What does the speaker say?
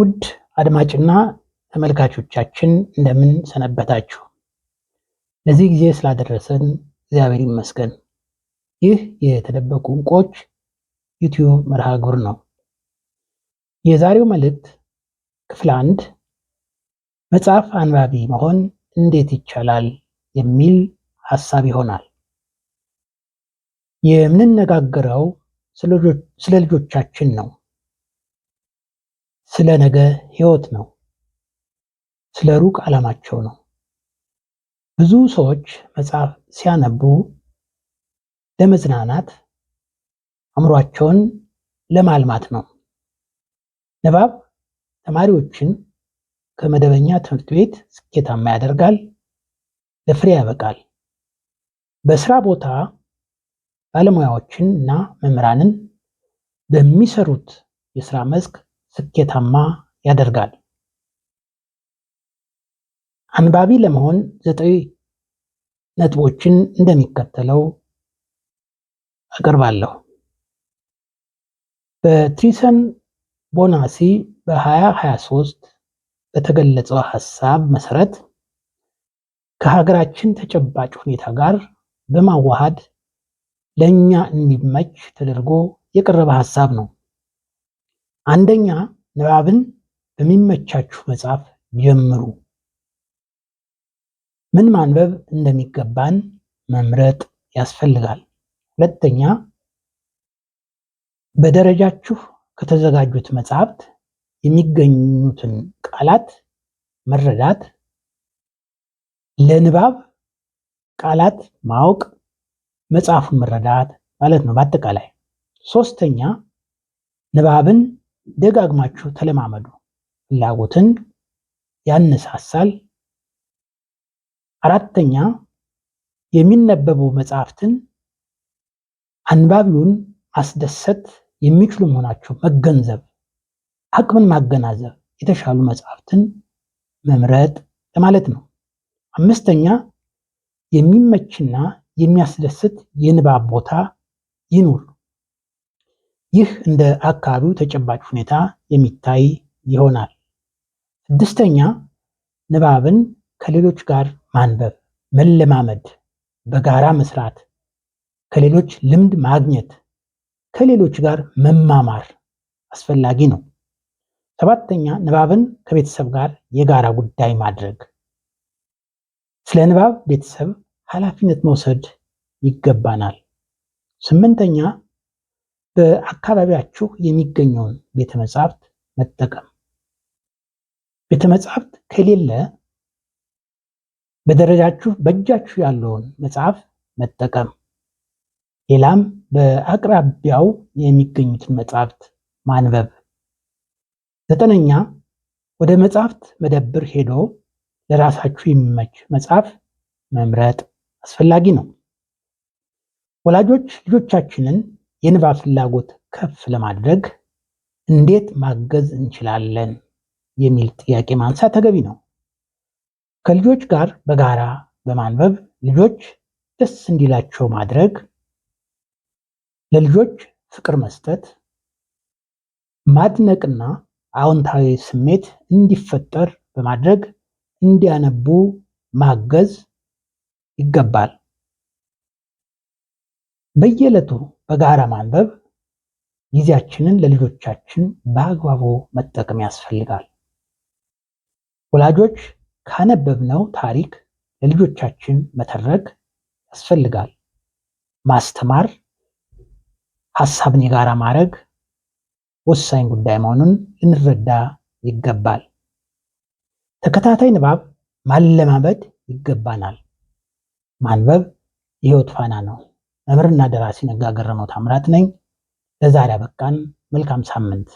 ውድ አድማጭና ተመልካቾቻችን እንደምን ሰነበታችሁ? ለዚህ ጊዜ ስላደረሰን እግዚአብሔር ይመስገን። ይህ የተደበቁ ዕንቆች ዩቲዩብ መርሃ ግብር ነው። የዛሬው መልእክት ክፍል አንድ መጽሐፍ አንባቢ መሆን እንዴት ይቻላል የሚል ሀሳብ ይሆናል። የምንነጋገረው ስለ ልጆቻችን ነው። ስለ ነገ ህይወት ነው። ስለ ሩቅ ዓላማቸው ነው። ብዙ ሰዎች መጽሐፍ ሲያነቡ ለመዝናናት፣ አእምሯቸውን ለማልማት ነው። ንባብ ተማሪዎችን ከመደበኛ ትምህርት ቤት ስኬታማ ያደርጋል፣ ለፍሬ ያበቃል። በስራ ቦታ ባለሙያዎችን እና መምህራንን በሚሰሩት የስራ መስክ ስኬታማ ያደርጋል። አንባቢ ለመሆን ዘጠኝ ነጥቦችን እንደሚከተለው አቀርባለሁ። በትሪሰን ቦናሲ በ2023 በተገለጸው ሀሳብ መሰረት ከሀገራችን ተጨባጭ ሁኔታ ጋር በማዋሃድ ለእኛ እንዲመች ተደርጎ የቀረበ ሀሳብ ነው። አንደኛ ንባብን በሚመቻችሁ መጽሐፍ ጀምሩ። ምን ማንበብ እንደሚገባን መምረጥ ያስፈልጋል። ሁለተኛ በደረጃችሁ ከተዘጋጁት መጽሐፍት የሚገኙትን ቃላት መረዳት፣ ለንባብ ቃላት ማወቅ፣ መጽሐፉን መረዳት ማለት ነው። በአጠቃላይ ሶስተኛ ንባብን ደጋግማችሁ ተለማመዱ። ፍላጎትን ያነሳሳል። አራተኛ የሚነበቡ መጽሐፍትን አንባቢውን ማስደሰት የሚችሉ መሆናቸው መገንዘብ፣ አቅምን ማገናዘብ፣ የተሻሉ መጽሐፍትን መምረጥ ለማለት ነው። አምስተኛ የሚመችና የሚያስደስት የንባብ ቦታ ይኑር። ይህ እንደ አካባቢው ተጨባጭ ሁኔታ የሚታይ ይሆናል። ስድስተኛ ንባብን ከሌሎች ጋር ማንበብ መለማመድ፣ በጋራ መስራት፣ ከሌሎች ልምድ ማግኘት፣ ከሌሎች ጋር መማማር አስፈላጊ ነው። ሰባተኛ ንባብን ከቤተሰብ ጋር የጋራ ጉዳይ ማድረግ፣ ስለ ንባብ ቤተሰብ ኃላፊነት መውሰድ ይገባናል። ስምንተኛ በአካባቢያችሁ የሚገኘውን ቤተ መጻሕፍት መጠቀም። ቤተ መጻሕፍት ከሌለ በደረጃችሁ በእጃችሁ ያለውን መጽሐፍ መጠቀም፣ ሌላም በአቅራቢያው የሚገኙትን መጽሐፍት ማንበብ። ዘጠነኛ ወደ መጽሐፍት መደብር ሄዶ ለራሳችሁ የሚመች መጽሐፍ መምረጥ አስፈላጊ ነው። ወላጆች ልጆቻችንን የንባብ ፍላጎት ከፍ ለማድረግ እንዴት ማገዝ እንችላለን የሚል ጥያቄ ማንሳት ተገቢ ነው። ከልጆች ጋር በጋራ በማንበብ ልጆች ደስ እንዲላቸው ማድረግ፣ ለልጆች ፍቅር መስጠት፣ ማድነቅና አዎንታዊ ስሜት እንዲፈጠር በማድረግ እንዲያነቡ ማገዝ ይገባል። በየዕለቱ በጋራ ማንበብ ጊዜያችንን ለልጆቻችን በአግባቡ መጠቀም ያስፈልጋል። ወላጆች ካነበብነው ታሪክ ለልጆቻችን መተረክ ያስፈልጋል። ማስተማር፣ ሀሳብን የጋራ ማድረግ ወሳኝ ጉዳይ መሆኑን ልንረዳ ይገባል። ተከታታይ ንባብ ማለማመድ ይገባናል። ማንበብ የህይወት ፋና ነው። መምህርና ደራሲ ነጋ ገረመው ታምራት ነኝ። ለዛሬ አበቃን። መልካም ሳምንት